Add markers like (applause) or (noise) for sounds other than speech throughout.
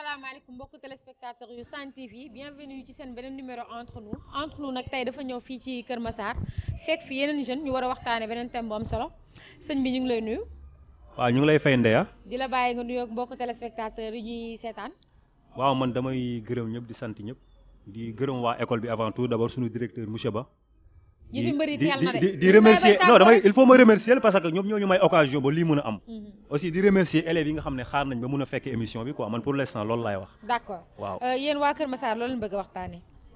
salaamaaleykum mbokk téléspectateurs yu Hann TV bienvenue ci seen beneen numéro entre nous entre nous nag tey dafa ñëw fii ci Kër Massar fekk fi yeneen jeune ñu war a waxtaane beneen thème bu am solo sëñ bi ñu ngi lay nuyu. waaw ñu ngi lay fay Ndeya. di la bàyyi nga nuyoog mbokk téléspectateurs yi ñuy seetaan. waaw man damay gërëm ñëpp di sant ñëpp di gërëm waa école bi avant tout d'abord suñu directeur monsieur Ba. di di di damay il faut ma remercier parce que ñoom ñoo ñu may occasion ba lii mën a am. Mhm. aussi di remercier élèves yi nga xam ne xaar nañ ba mën a fekk émission bi quoi man pour l'instant loolu laay wax. d'accord euh,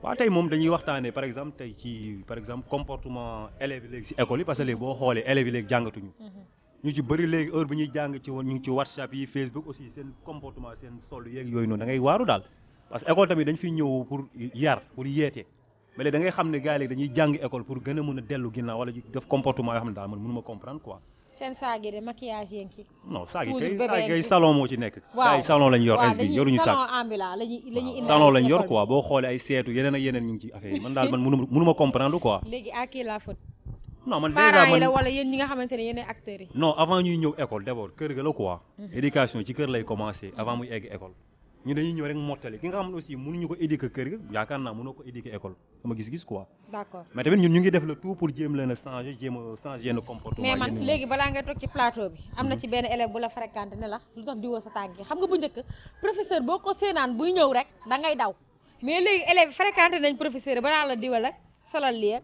waa tey moom dañuy waxtaanee par exemple tey ci par exemple comportement élèves yi si école yi parce que léegi boo xoolee élèves yi jàngatuñu. Mhm. ñu ci bëri léegi heure bi ñuy jàng ci WhatsApp yi Facebook aussi seen comportement seen sol mais léegi da ngay xam ne gars yi dañuy jàng école pour gën a mën a dellu ginnaaw wala def comportement yoo xam ne daal man mënuma comprendre quoi. seen saag de maquillage yeeg ci. non saag kay salon moo ci nekk. waaw ay salon lañ yor est bi yoruñu saag salon ambulant lañuy lañuy indi lañ yor quoi boo xoolee ay seetu yeneen ak yeneen ñu ngi ci affaire yi man daal man mënuma mënuma comprendre quoi. léegi à qui la faute. non man déjà man ñi nga xamante ne yéen acteurs yi. non avant ñuy ñëw école d'abord kër ga la quoi. Mhm. éducation ci kër lay commencer avant muy egg école ñu dañuy ñëw rek mottali ki nga xam ne aussi mënuñu ko éduquer kër ga yaakaar naa mënoo ko éduquer école sama gis-gis quoi. mais tamit ñun ñu ngi def le tout pour jéem leen a changer jéem a changer yenn comportement. mais man léegi balaa ngay toog ci plateau bi. am na mm-hmm. ci benn élève bu la fréquenté ne la lu tax diwoo sa tànk xam nga bu njëkk professeur boo ko séenaan buy ñëw rek da daw mais léegi élève fréquenté nañ professeur balaa la diwal ak solal lii ak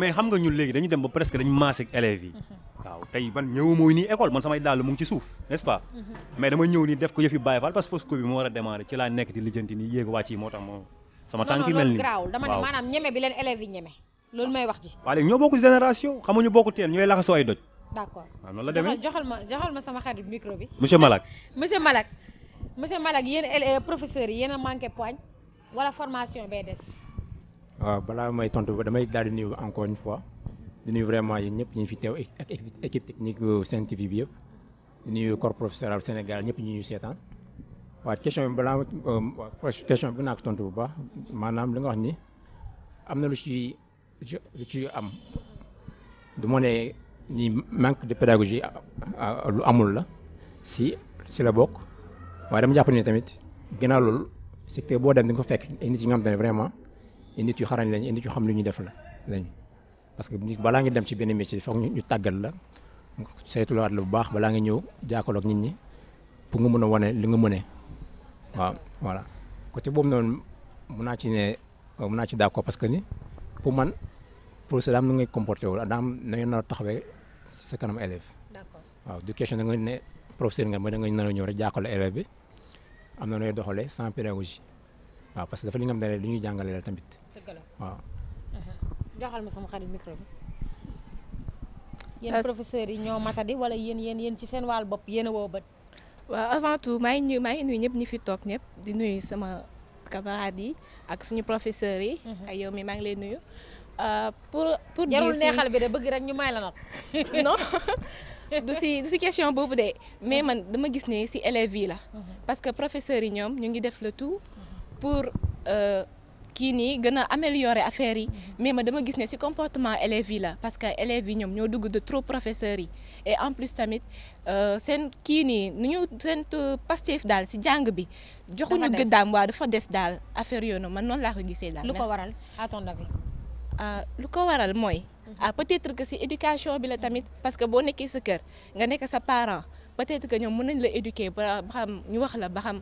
mais xam nga ñun léegi dañu dem ba presque dañu maase ak waaw tey man ñëw mooy nii école man samay dàll mu ngi ci suuf n'est-ce pas mm-hmm. mais dama ñëw nii def ko yëf yi bàyyi faal parce que fausse bi moo war a démarrer ci laa nekk di lijjanti nii yéeg wàcc yi moo tax moo sama tànk mel nii graawul dama ne maanaam ñeme bi leen élèves yi ñeme loolu may wax ji waaw léegi ñoo bokk génération xamuñu bokk teen ñooy laxasoo ay doj d'accord waaw noonu la demee joxal ma joxal ma sama xarit micro bi monsieur Malak (laughs) monsieur Malak monsieur Malak eh, eh, yi yéen a manqué poigne wala ba damay daal di nuyu encore di nuyu vraiment yi ñëpp ñu fi teew e-, ak équipe technique Sen TV bi yëpp di nuyu corps Sénégal ñëpp ñu ñu seetaan waaw question bi balaa euh, question bi naa ko tontu bu baax maanaam li nga wax ni am na lu ci lu ci am du ma ne ni manque de pédagogie lu amul la si si la bokk waaye dama jàpp nii tamit ginnaaw loolu secteur boo dem di nga ko fekk ay nit yi nga xam te ne vraiment ay nit xarañ lañ indi nit yu xam lu ñuy def la lañ parce que nit balaa ngi dem ci benn métier foog ñu tàggat la saytulawaat la bu baax balaa ngi ñëw jàkkalook nit ñi pour nga mën a wane li nga mënee waaw voilà côté boobu noonu mun naa ci ne mun naa ci d'accord parce que ni pour man pour ça daam nu ngay comporté wul daam na ngeen nar a taxawee kanam élève du question da nga ne professeur nga ma da nga nar a ñëw rek jàkkaarloo élève bi am na nooy doxalee sans pédagogie waaw parce que dafa li nga xam ne li ñuy jàngale la tamit waaw mhm. joxal ma sama xarit micro bi. yéen professeurs yi ñoo matadi wala yéen yéen yéen ci seen wàll bopp yéen woo bët. waaw avant tout maa ngi nuyu maa ngi nuyu ñëpp ñi fi toog ñëpp di nuy sama camarades yi ak suñu professeurs yi. Mhm. ak yow mi maa ngi la nuyu. Euh, pour pour jarul neexal bi bëgg rek ñu may la not (laughs) non si du si question boobu de mais mhm. man dama gis ne si élèves yi la. Mhm. parce que professeurs yi ñoom ñu ngi def le tout pour. Euh, kii nii gën a améliorer affaire yi mais ma dama gis ne si comportement élèves yi la parce que élèves yi ñoom ñoo dugg de trop professeurs yi et en plus tamit euh, seen kii nii nu ñu seen Pastef daal si njàng bi. joxuñu gëddaam waaw dafa des daal affaire yoonu man noonu laa ko gisee daal. lu ko waral à ton euh, lu ko waral mooy. Mhm. Ah, être que ci éducation bi la tamit parce que boo nekkee sa kër nga nekk sa parent. peut-être que ñoom mën nañ la éduquer ba xam ñu wax la ba xam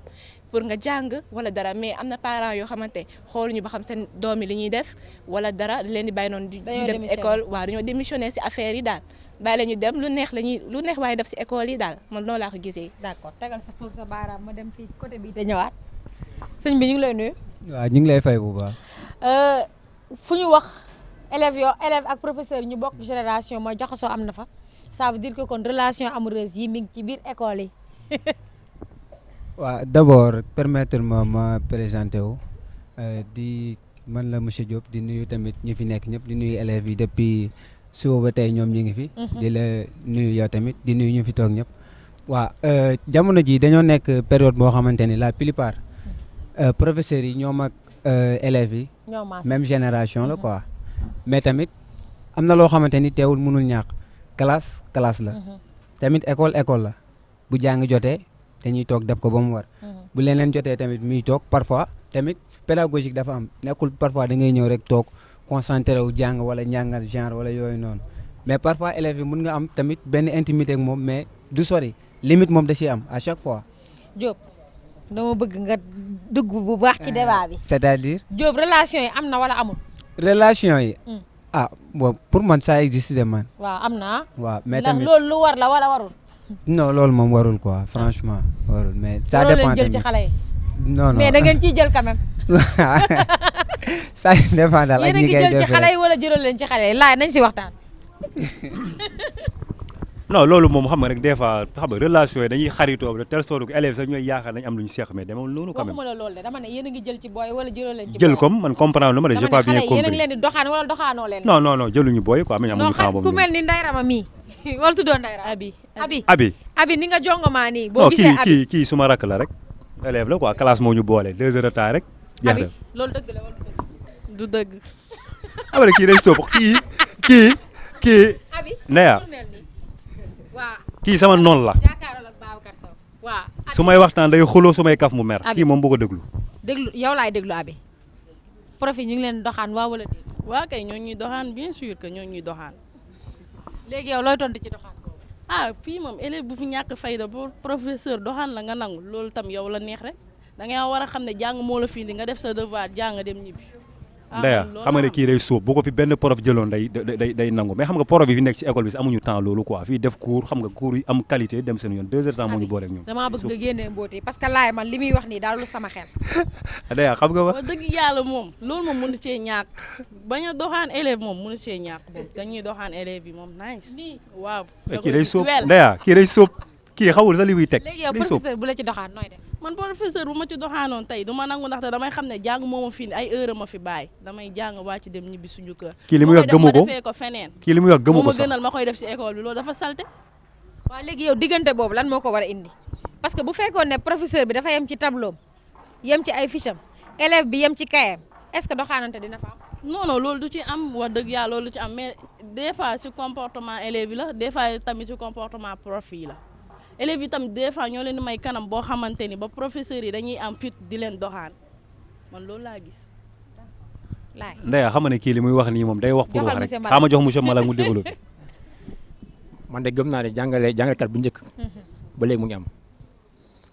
pour nga jàng wala dara mais am na parents yoo xamante xooluñu ba xam seen doom yi li def wala dara leen di bàyyi noonu. di dem école waaw dañoo démissionné si affaire yi daal. bàyyi la ñu dem lu neex la ñuy lu neex waaye def si école yi daal man noonu laa ko gisee. d'accord tegal sa foofu sa ma dem fii côté bi te ñëwaat. sëñ bi ñu ngi lay nuyu. waaw ñu ngi lay fay bu baax. Euh, fu ñu wax élèves yoo élèves ak professeurs ñu bokk génération mooy jaxasoo am na fa. ça veut dire que kon relation amoureuse yi mi ngi ci biir école yi. (laughs) waaw d' abord permettre ma ma présenter wu euh, di man la monsieur Diop di nuyu tamit ñu fi nekk ñëpp di nuyu élèves yi depuis suba ba tey ñoom ñu ngi fi. Mhm. di la nuyu yow tamit di nuyu ñu fi toog ñëpp. waaw euh, jamono ji dañoo nekk période boo xamante ni la plupart euh, professeurs yi ñoom ak élève yi. même génération la mhm. quoi. mais tamit am na loo xamante ni teewul mënul ñàkk. classe classe la. Mm-hmm. tamit école école la bu jàng jotee dañuy toog def ko ba mu war. Mm-hmm. bu leneen jotee tamit muy toog parfois tamit pédagogique dafa am nekkul parfois da ngay ñëw rek toog concentré wu jàng wala njàngal genre wala yooyu noonu mais parfois élèves yi mun nga am tamit benn intimité moom mais du sori limite moom da ciy am à chaque fois. Diop dama bëgg nga dugg bu baax ci euh, débat bi. c'est-à-dire. Diop relation yi am na wala amul. ah bon pour man ça existe de man. waaw am na waaw mais tamit loolu lu war la wala warul. non loolu moom warul quoi franchement warul mais. ça dépend jël ci xale yi. non non mais da ngeen ciy jël quand même. (laughs) ça dépend daal ak ñi koy wala jëlal leen ci xale yi laaj nañ si waxtaan. (laughs) non loolu moom xam nga rek des fois xam nga relation yi dañuy xaritoo de telle sorte que élèves sax ñooy yaakaar nañ am lu ñu seex mais demewul noonu quand même waxuma la loolu de dama ne yéen a ngi jël ci booy wala jëloo leen ci jël comme man comprendre lu ma de j'ai pas bien compris yéen a ngi leen di doxaan wala doxaanoo leen non non non jëluñu booy quoi am nañu amuñu temps boobu ku mel ni ndayrama mii (laughs) wala tuddoo ndayrama abi abi abi abi ni nga jongomaa nii boo gisee abi kii kii suma rakk la rek élève la quoi classe moo ñu boole deux heures de temps rek abi loolu dëgg la wala du dëgg du dëgg kii day sóob kii kii kii neya kii sama noon la su may waxtaan day xuloo su may kaf mu mer kii moom bu ko déglu déglu yow laay déglu abi prof yi ñu ngi leen doxaan waa wala dégg waa kay ñoo ñuy doxaan bien sûr que ñoo ñuy doxaan léegi yow looy tontu ci doxaan ah fii moom élève bu fi ñàkk fayda ba professeur doxaan la nga nangu loolu tam yow la neex rek da ngay war a xam ne jàng moo la fii di nga def sa devoir jàng dem ñibbi ndeya ah, xam nga ne kii day sóob bu ko fi benn prof jëloon day day day nangu mais xam nga prof yi fi nekk ci école bi si amuñu temps loolu quoi fii def cours xam nga cours yi am qualité dem seen yoon deux heures temps moo ñu booleeg ñoom damaa bëgg nga génnee mbóoti parce que laay man li muy wax nii daal lu sama xel ndeya (laughs) xam nga wax dëgg yàlla moom loolu moom mënu cee ñàkk bañ a doxaan élève moom mënu cee ñàkk moom dañuy doxaan élève yi moom nice waaw kii day sóob kii xawul sa li muy teg. léegi yow professeur bu la ci doxaan nooy def. man professeur bu ma ci doxaanoon tey du ma nangu ndaxte damay xam ne jàng moo ma fi ay heure ma fi bàyyi damay jàng wàcc dem ñibbi suñu kër. kii li muy wax gëmu ko defee ko feneen. kii li muy wax gëmu ko sax mu gënal ma koy def si école bi loolu dafa salte. waaw léegi yow diggante boobu lan moo ko war a indi parce que bu fekkoon ne professeur bi dafa yem ci tableau yem ci ay ficham élève bi yem ci kayam est-ce que doxaanante dina fa am non non loolu du ci am wax dëgg yàlla loolu du ci am mais des fois si comportement élève yi la des fois tamit si comportement prof yi la élèves yi tam des fois ñoo leen di may kanam boo xamante ni ba professeurs yi dañuy am fit di leen doxaan man loolu laa gis. laay Ndeya xam ne kii li muy wax nii moom day wax. pour wax rek xaaral ma mu développé. (laughs) man de gëm naa jàngale jàngalekat bu njëkk. ba léegi mu ngi am.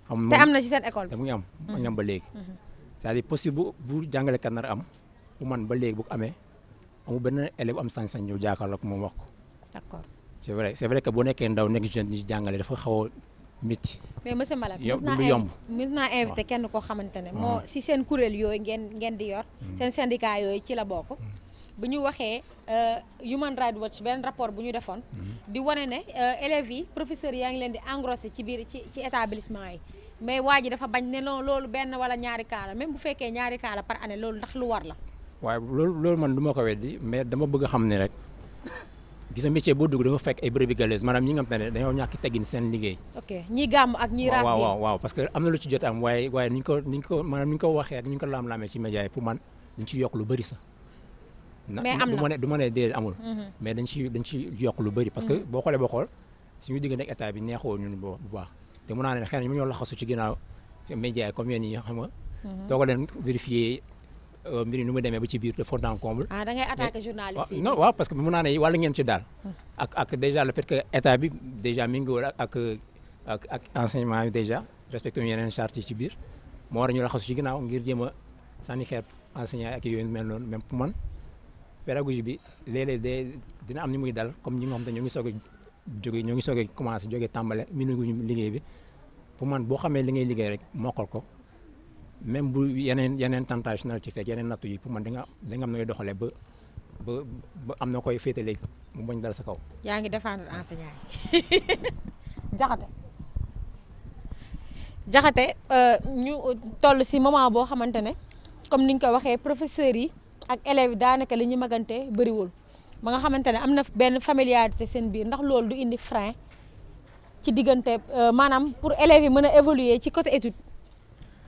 xam te am na ci seen école te mu ngi am. mu ngi am ba léegi. Mhm. c'est-à-dire possible bu bu jàngalekat nar am bu man ba léegi bu ko amee amul benn élève am sañ-sañ ñëw jàkkaarloo ak moom wax ko. c' est vrai c' est vrai que boo nekkee ndaw nekk jeune ñi jàngale dafa xaw a métti. mais ma Malak yow du yomb mës naa invité kenn koo xamante ne. moo si seen kuréel yooyu ngeen ngeen di yor. Mm. seen syndicat yooyu ci la bokk. Mm. bu ñu waxee euh, Human Rights Watch benn rapport bu ñu defoon. Mm. di wane ne euh, élèves yi professeurs yaa ngi leen di engrossé ci biir ci ci établissement yi. mais waa ji dafa bañ ne loolu benn wala ñaari kaala la bu fekkee ñaari kaala par anne loolu ndax lu war la. waaye loolu loolu man du ma ko weddi mais dama bëgg xam ne rek. gis nga métier boo dugg dafa fekk ñi nga xam ne dañoo ñàkk teggin seen liggéey. ñi gàmm ak ñi raas parce que am na lu ci jot am waaye waaye ko ni ñu ko waxee ak ni ko laam-laamee ci média pour man dañ ci yokk lu bëri sax. mais am na du ma ne amul. Mhm. mais dañ ci yokk lu bëri. parce que mhm. boo xoolee boo xool suñu diggante ak neexoo ñun bu baax te mun naa ne xëy na ñu ñoo laxasu ci ginnaaw média comme yéen ñi xam nga. Mhm. toog Euh, mbir yi nu mu demee ba ci biir de fond en comble. ah waaw parce que mën naa ne wàllu ngeen ci daal. Hmm. ak ak déjà le fait que état bi déjà mi ngi woon ak ak ak enseignement bi déjà respecté wu yeneen charte ci biir moo war ñu la xasu ci ginnaaw ngir jéem a sànni xeer enseignant ak yooyu mel noonu même pour man pédagogie bi léeg-léeg day dina am ni muy dal comme ñi nga xam te ñoo ngi soog a jóge ñoo ngi soog a commencé jóge tàmbale mënuñu liggéey bi pour man boo xamee li ngay rek mokkal ko. même bu yeneen yeneen tentation na la ci fekk yeneen nattu yi pour man da nga da nga am nooy doxalee ba ba ba am na koy féete léegi mu bañ dal sa kaw. yaa ngi défendre enseignant yi (laughs) jaxate jaxate euh, ñu toll si moment boo xamante ne comme ni ñu ko waxee professeurs yi ak élèves yi daanaka li ñu magante bëriwul ba nga xamante ne am na benn familiarité seen biir ndax loolu du indi frein ci diggante euh, maanaam pour élèves yi mën a évoluer ci côté étude.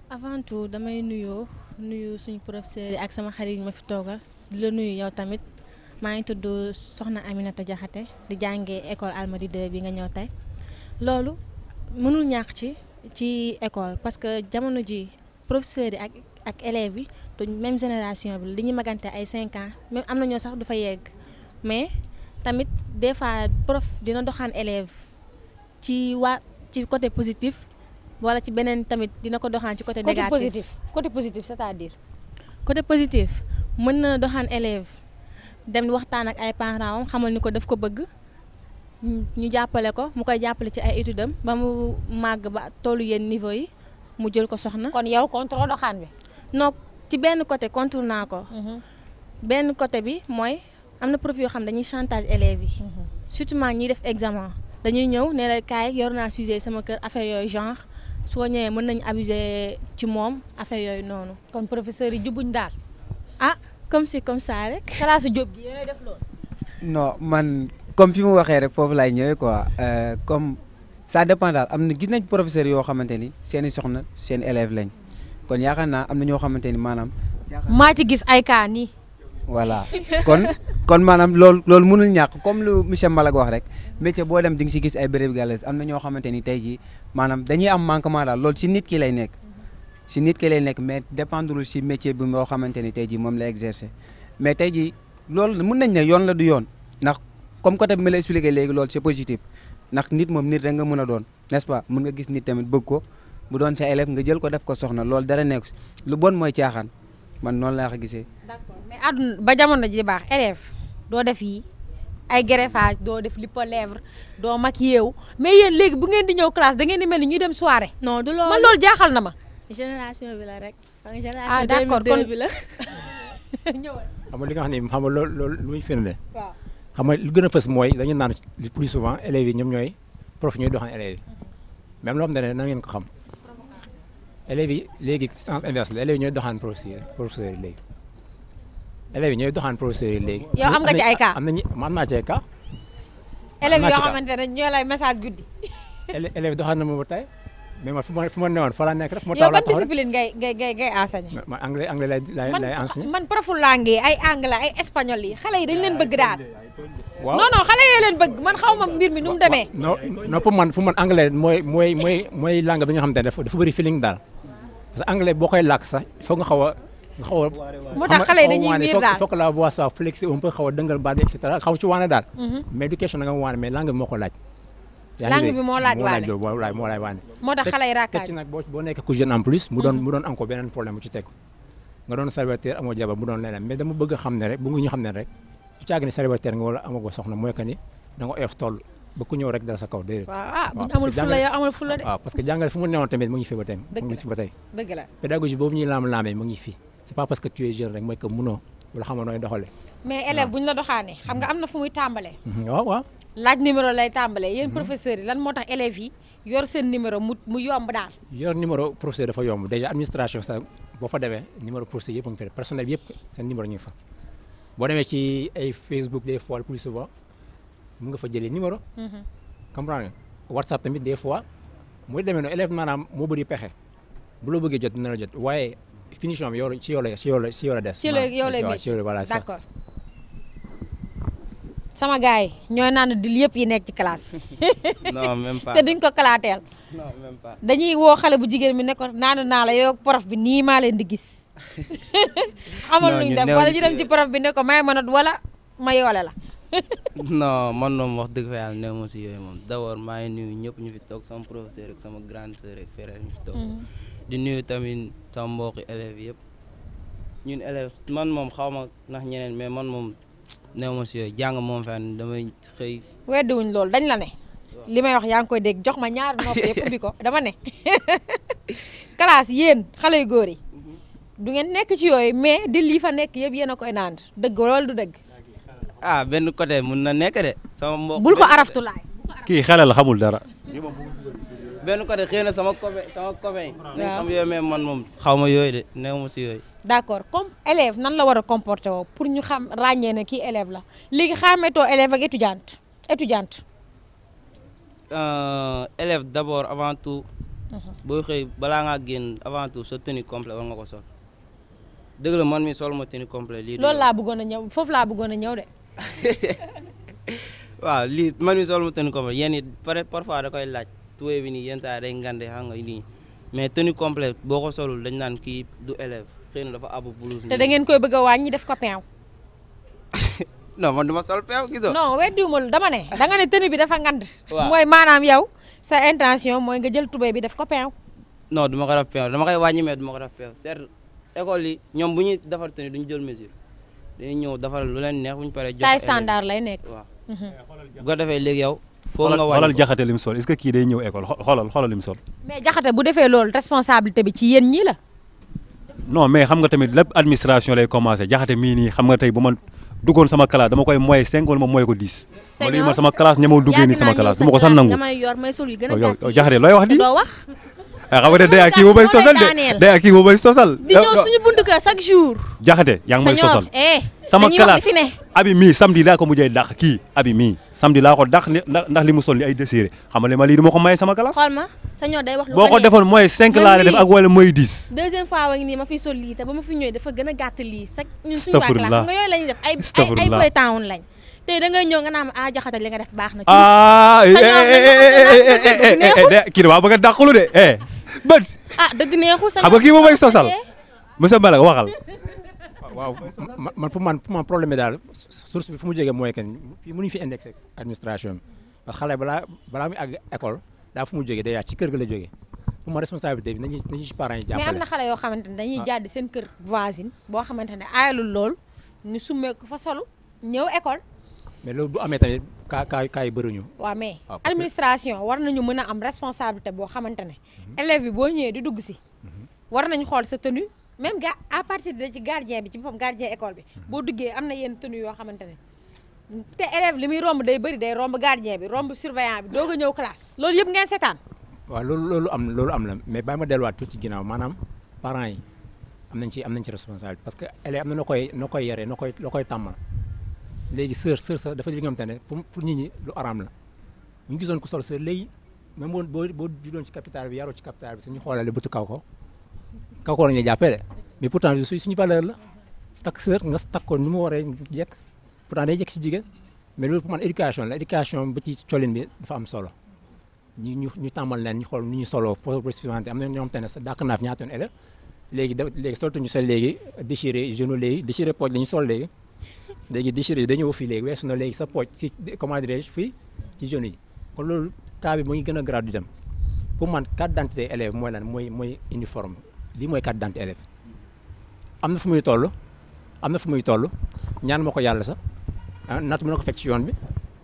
avant tout damay nuyoo nuyu suñu professeur yi ak sama xarit yi ma fi toogal di nuyu yow tamit maa ngi tudd soxna Aminata Diakhaté di jàngee école Almadies 2 bi nga ñëw tey loolu mënul ñàkk ci ci école parce que jamono ji professeurs yi ak ak élève yi du même génération bi li ñu magante ay cinq ans même am na ñoo sax du fa yegg mais tamit des fois prof dina doxaan élève ci waa ci côté positif wala ci beneen tamit dina ko doxaan ci côté négatif côté positif côté positif c'est-à-dire. côté positif mën na doxaan élève dem waxtaan ak ay parents am xamal ni ko daf ko bëgg ñu jàppale ko mu koy jàppale ci ay études am ba mu màgg ba tollu yenn niveau yi mu jël ko soxna. kon yow contre doxaan bi. non ci benn côté contre naa ko. Mhm. benn côté bi mooy am na prof yoo xam dañuy chantage élèves yi. Mhm. surtout ñuy def examen dañuy ñëw ne la kaay yor naa sujet sama kër affaire yooyu genre. soo ñëwee mën nañ abuser ci moom affaire yooyu noonu. kon professeur yi jubuñ daal. ah comme si comme ça rek. kalaasu Diop gi yéen def loolu. no man comme fi mu waxee rek foofu laay ñëwee quoi euh, comme ça dépend daal am na gis nañ professeur yoo xamante ni seen i soxna seen élève lañ kon yaakaar naa am na ñoo xamante ni maanaam. maa ci gis ay cas voilà kon kon maanaam loolu loolu mënul ñàkk comme lu monsieur Malag wax rek métier boo dem di nga si gis ay béréb gàllas am na ñoo xamante ni tey jii maanaam dañuy am manquement daal loolu si nit ki lay nekk si nit ki lay nekk mais dépendrewul si métier bi moo xamante ni tey jii moom la exercer mais tey ji loolu mun nañ ne yoon la du yoon ndax comme côté bi ma la expliqué léegi loolu c'est positif ndax nit moom nit rek nga mën a doon n'est-ce pas mën nga gis nit tamit bëgg ko bu doon sa élève nga jël ko def ko soxna loolu dara nekk lu bon mooy caaxaan man noonu laa ko gisee. d'accord mais àdduna ba jamono ji baax élève doo def yi ay greffage doo def lipo lèvre doo mag yeewu mais yéen léegi bu ngeen di ñëw classe da ngeen di mel ni ñuy dem soirée. non du loolu man loolu jaaxal na ma. génération bi la rek. ah d'accord kon génération 2002 bi la. (laughs) ñëwal xam nga li nga xam ne xam nga loolu loolu lu muy firnde. waaw xam nga lu gën a fës mooy dañu naan plus souvent élèves yi ñoom ñooy prof ñooy doxal élèves yi. Mhm. même loo xam ne na ko xam. élèves yi léegi sens inverse la ñooy doxaan professeur professeur yi léegi élèves ñooy doxaan professeur yi léegi. yow am nga ci ay cas am nañu am naa ci ay cas. élèves yoo xamante ne ñoo lay message guddi. élèves doxaan na ma ba tey mais fu ma fu ma newoon fa laa nekk rek. fu ma taw laa taxaw yow discipline ngay ngay ngay ngay enseigner. man anglais anglais lay lay lay enseigner. man profu langue ay anglais ay espagnol yi xale yi dañ leen bëgg daal. waaw xale yee leen bëgg man xaw ma mbir mi nu mu demee. non non man fu man anglais mooy mooy mooy mooy langue bi nga xamante ne dafa dafa bëri feeling daal. parce que anglais boo koy làkk sax foog nga xaw a nga xaw a. moo tax xale yi dañuy miir daal foog la voix soit flexible un peu xaw a dëngal baat et cetera xaw ci waane daal. Mhm. mais du question da mais langue moo ko laaj. langue bi moo laaj waane moo laaj moo laaj boo boo nekkee en plus. mu doon mhm. mu doon encore beneen problème bu ci teg nga doon célibataire amoo jabar mu doon leneen mais dama bëgg xam ne rek bu nga ñu xam ne rek su caag ne célibataire nga wala amagoo soxna mooy que ni ba ku ñëw rek dara sa kaw déedéet. waaw ah bu ñu amul fula yow amul fula de. waaw parce que jàngale fu mu newoon tamit mu ngi fi ba tey. dëgg la mu ngi fi ba tey. dëgg la pédagogie boobu ñuy laam laamee mu ngi fi c'est pas parce que tu es jeune rek mooy que munoo wala xamoo nooy doxalee. mais élève bu ñu la doxaanee xam nga mm-hmm. am na fu muy tàmbalee. Mm-hmm. waaw waaw. laaj numéro lay tàmbalee. yéen mm-hmm. professeurs yi lan moo tax élèves yi yor seen numéro mu mu yomb daal. yor numéro professeur dafa yomb déjà administration sax boo fa demee numéro professeur yëpp a ngi fi personnel yëpp seen numéro ñu ngi fa boo demee ci ay Facebook des fois plus souvent mun nga fa jëlee numéro. Mhm. comprendre nga WhatsApp tamit fois muy demee noonu élève maanaam moo bëri pexe bu la bëggee jot dina na jot waaye finition bi yow ci yow la si yow la si yow la des. sama gars yi ñooy naan dil yëpp yi nekk ci classe bi. (laughs) non même ko kalaateel. non woo xale bu jigéen bi ne ko naan naa la yow prof bi nii maa leen di gis. xamal (laughs) luñ dem wala ñu dem ci prof bi ne ko may ma not wala ma yoole la (laughs) non man moom wax dëgg fa yàlla néew yooyu moom d'abord maa ngi nuyu ñëpp ñu fi toog sama professeur rek sama grande sœur rek frère ñu fi toog mm-hmm. di nuyu tamit sama mbokki élèves yëpp ñun élèves man moom xaw ma ndax ñeneen mais man moom néew ma yooyu jàng moom fenn damay xëy weddiwuñ loolu dañ la ne li may wax yaa ngi koy dégg jox ma ñaar nopp yëpp bi ko dama ne (laughs) classe yéen xale yu góor yi mm-hmm. du ngeen nekk ci yooyu mais di lii fa nekk yëpp yéen a koy naan dëgg loolu du dëgg ah benn côté mun na nekk de. sama mbokk bul ko araftu laay. kii xelal xamul dara. benn côté xëy sama copain sama copain. waaw xam yooyu mais man moom xaw ma yooyu de néew ma si yooyu. d'accord comme élève nan la war a comporter woo pour ñu xam ràññee na kii élève la léegi xàmmeetoo élève ak étudiante étudiante. Euh, élève d'abord avant tout. Uh-huh. booy xëy balaa ngaa génn avant tout sa tenue complète war nga ko sol dëgg la man mi sol ma tenue complète lii. loolu laa bëggoon a ñëw foofu laa bëggoon a ñëw de. (laughs) waaw lii man mi sol mu tenue complète yéen it parfois da koy laaj tuwee bi nii yenn saa day ngande xam nga nii mais tenue complète boo ko solul dañ naan kii du élève xëy na dafa àbb blouse. te da ngeen koy bëgg a wàññi def ko peew. (laughs) non man duma sol peew gisoo. non weddiwuma dama ne da nga ne tenue bi dafa ngand. waaw mooy maanaam yow sa intention mooy nga jël tubéy bi def ko peew. noo duma ko def peew dama koy wàññi mais duma ko def peew certes école yi ñoom bu ñuy defar tenue duñ jël mesure. dañuy ñëw defal lu leen neex bu ñu paree. jox taay standard lay nekk waaw. Mhm. bu ko defee léegi yow. foo nga wàññi xoolal jaxate lim sol est-ce que kii day ñëw école xoolal xoolal lim sol. mais jaxate bu defee loolu responsabilité bi ci yéen ñii la. non mais xam nga tamit lépp administration lay commencé jaxate mii nii xam nga tey bu ma duggoon sama classe dama koy moy cinq wala ma moy ko dix. sëñ bi ma sama classe ñemewul duggee nii sama classe du ma ko sax jaxate looy wax di xam nga de day a kii moo may sosal de day ak kii moo may sosal. di ñëw suñu buntu kër chaque jour. jaxate yaa ngi may sosal eh, sama classe abi mii samedi laa ko mujjee dàq kii abi mii samedi laa ko dàq lii mooy 5 laa la def ak wala mooy 10. deuxième fois waa ngi nii ma fiy sol lii te ba ma fi ñëwee dafa gën a gàtt lii sax nga yooyu lañuy def ay boy town lañ tey da ngay ñëw nga naan ah jaxata li nga def baax na. ah kii da waa bëgg a dàqulu de eh. bët. ah dëgg neexu sa xam nga kii moom mooy sosal monsieur Mbala waxal. pour man problème daal source bi fu mu jógee mooy que fii mënuñu fi indexé administration bi xale balaa balaa muy àgg mu jógee déjà ci kër ga la jógee pour ma responsabilité bi nañu nañu ci parents yi jàppale. mais am na xale yoo xamante dañuy ah. jàdd seen kër voisine boo xamante ne aayalul lool ñu summee ko fa solo ñëw école. mais loolu bu amee tamit. kaa kaa kaa yi bëriñu. waa mais ah, administration war nañu mën a am responsabilité boo xamante ne. élèves yi boo ñëwee di dugg si. war nañu xool sa tenue même ga à partir de ci gardien bi ci boppam gardien école bi. Mhm. boo duggee am na yenn tenue yoo xamante ne. te élève li muy romb day bëri day romb gardien bi romb surveillant bi doog a ñëw classe loolu yëpp ngeen seetaan. waaw loolu loolu am loolu am la mais bàyyi ma delluwaat tuuti ci ginnaaw maanaam parents yi am nañ am nañ ci responsabilité parce que élève am na koy noo koy yore noo koy noo koy tàmmal. léegi sër sër sax dafa li nga xamante ne pour nit ñi lu araam la ñu gisoon ku sol sër léegi même boo boo boo judoon ci capital bi yaroo ci capital bi sa xoolale bëtu kaw ko ko la ñuy jàppee de mais pourtant su suñu valeur la takk sër nga takk ko ni mu waree jekk pourtant day jekk si jigéen mais loolu pour man éducation la éducation ba ci colin bi dafa am solo ñu ñu ñu tàmbal leen ñu xool nu ñu solo prospectivité am na ñoo xamante ne sax dàq naa fi ñaata yoon élève léegi da léegi soltuñu sa léegi déchiré genou léegi déchiré poche la ñu sol léegi léegi déchiré yi dañoo fi léegi weesu na léegi sa pooj si comment fii ci jeunes yi kon loolu cas bi mu ngi gën a grave di dem pour man carte d'identité élève mooy lan mooy mooy uniforme lii mooy carte d'identité élève am na fu muy toll am na fu muy toll ñaan ma ko yàlla sax ah natt mën na ko fekk ci yoon bi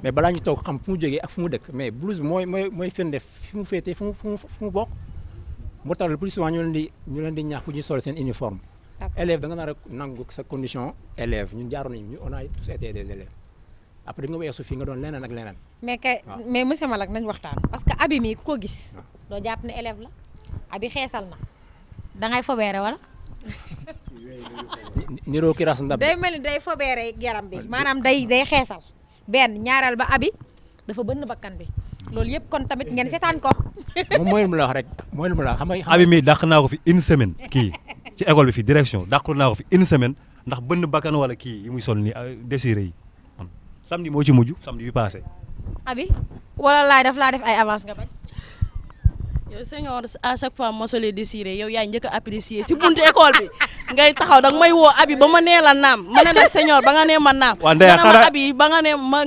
mais balaa ñu toog xam fu mu jógee ak fu mu dëkk mais blouse mooy mooy mooy firnde fi mu féetee fu mu fu mu bokk moo tax plus souvent ñu leen di ñu leen di ñaax pour ñu sol seen uniforme élève da nga nar a nangu sa condition élève ñun jaaroon nañu ñu on a tous été après di nga weesu fii nga doon leneen ak leneen. mais mais monsieur Malak nañ waxtaan. parce que abi mii ku ko gis. doo jàpp ne élève la abi xeesal na da ngay fobeere wala. niroo ki ras ndab day mel ni day fobeere yaram bi maanaam day day xeesal benn ñaareel ba abi dafa bënn bakkan bi loolu yëpp kon tamit ngeen seetaan ko. moom mooy lu mu la wax rek mooy lu mu la wax xam nga. abi mii dàq naa ko fi une semaine kii. ci école bi fii direction dàqul naa ko fi une semaine ndax bënn bakkan wala kii yi muy sol ni désiré yi samedi moo ci mujj samedi bi passé. abi wala laay daf laa def ay avance nga bañ. yow seigneur à chaque fois ma solee désiré yow yaay njëkk a apprécier ci buntu école bi ngay taxaw da may woo abi ba ma nee la naam ma ne la ba nga nee ma naam waa ndey xanaa abi nga nee ma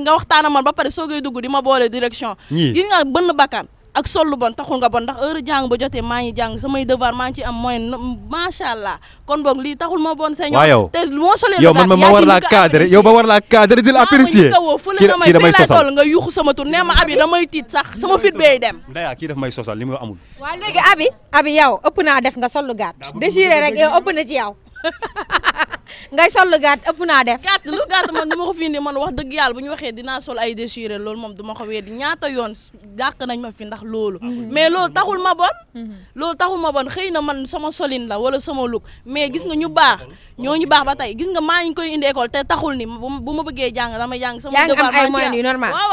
man ba pare soogay dugg di ma boole direction. ñii gis nga bënn bakkan. ak sol bon taxul nga bon ndax heure jàng ba jotee maa ngi jàng samay devoir maa ngi ci am moyen macha allah kon boog lii taxul ma bon seen yow te moo solee yow man ma war laa cadré yow ma war di la apprécier woo fu la may fii nga yuuxu sama tur nee ma abi damay tiit sax sama fit bay dem ndaya kii daf may sosal li mu amul waaw léegi abi abi yow ëpp naa def nga sol lu gàtt désiré rek yow ëpp na ci yow (laughs) ngay sol lu gàtt ëpp naa def gàtt lu gàtt ma ko fi indi man wax dëgg yàlla bu ñu waxee dinaa sol ay déchiré loolu ma ko weddi ñaata yoon dàq ma fi ndax loolu mm-hmm. mais loolu taxul ma bon mm-hmm. loolu taxul ma bon xëy na man sama solin la wala sama look mais gis nga ñu baax ñoo ñu baax ba tey gis nga maa ngi koy indi école taxul ni bu bëggee jàng damay jàng sama devoir yaa ngi am ay moyens yu normal waaw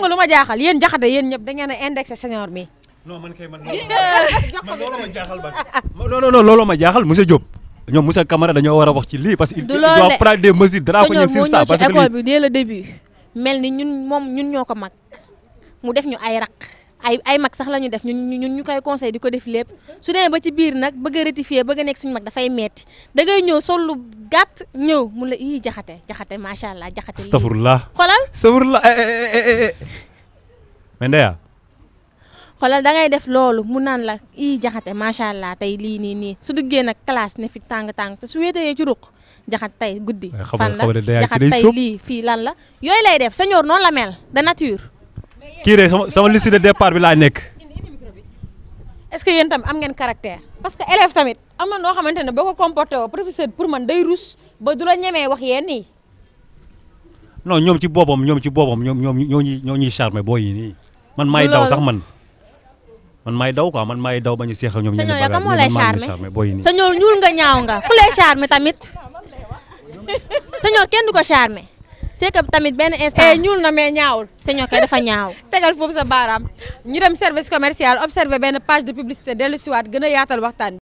waaw ma jaaxal yéen ñëpp a indexé senior mi non man kay man (laughs) ma jaaxal ba non non ma jaaxal monsieur Diop ñoom monsieur Camara dañoo war a wax ci lii parce que il doit prendre des mesures draconiennes sur ça parce que école bi dès le début mel ni ñun moom ñun ñoo ko mag mu def ñu ay raq ay ay mag sax la ñu def ñun ñun ñu koy conseil di ko def lépp su demee ba ci biir nag bëgg a rectifier bëgg a nekk suñu mag dafay metti da ngay ñëw sol lu gàtt ñëw mun la ii jaxate jaxate macha allah jaxate. astafurlah xoolal astafurlah eh, eh, eh, mais Ndeya xoolal dangay def loolu mu naan la i jaxate macha allah tey lii nii nii su duggee nag classe ne fi tàng-tàng te su wéetee ci ruq jaxat tey guddi fan la jaxat tey lii fii lan la yooyu lay def sañoor noonu la mel de nature kii rek sama liste de départ bi laa nekk est-ce que yéen tam am ngeen caractère parce que élève tamit am na noo xamante ne boo ko comporté woo professeur pour man day rus ba du la ñemee wax yéen nii non ñoom ci boobam ñoom ci boobam ñoom ñoom ñoo ñuy ñoo ñuy charmer boo yi nii man maay daw sax man man maay daw quoi man maay daw ba ñu seex ak ñoom. ñu ne moo lay charmer booy nii. sëñor ñuul nga ñaaw nga ku lay charmer tamit sëñor kenn du ko charmer c'est tamit benn instant. Eh, ñuul na mais ñaaw sëñor kay dafa ñaaw. (laughs) tegal foofu sa baaraam ñu dem service commercial observer benn page de publicité dellusiwaat gën a yaatal waxtaan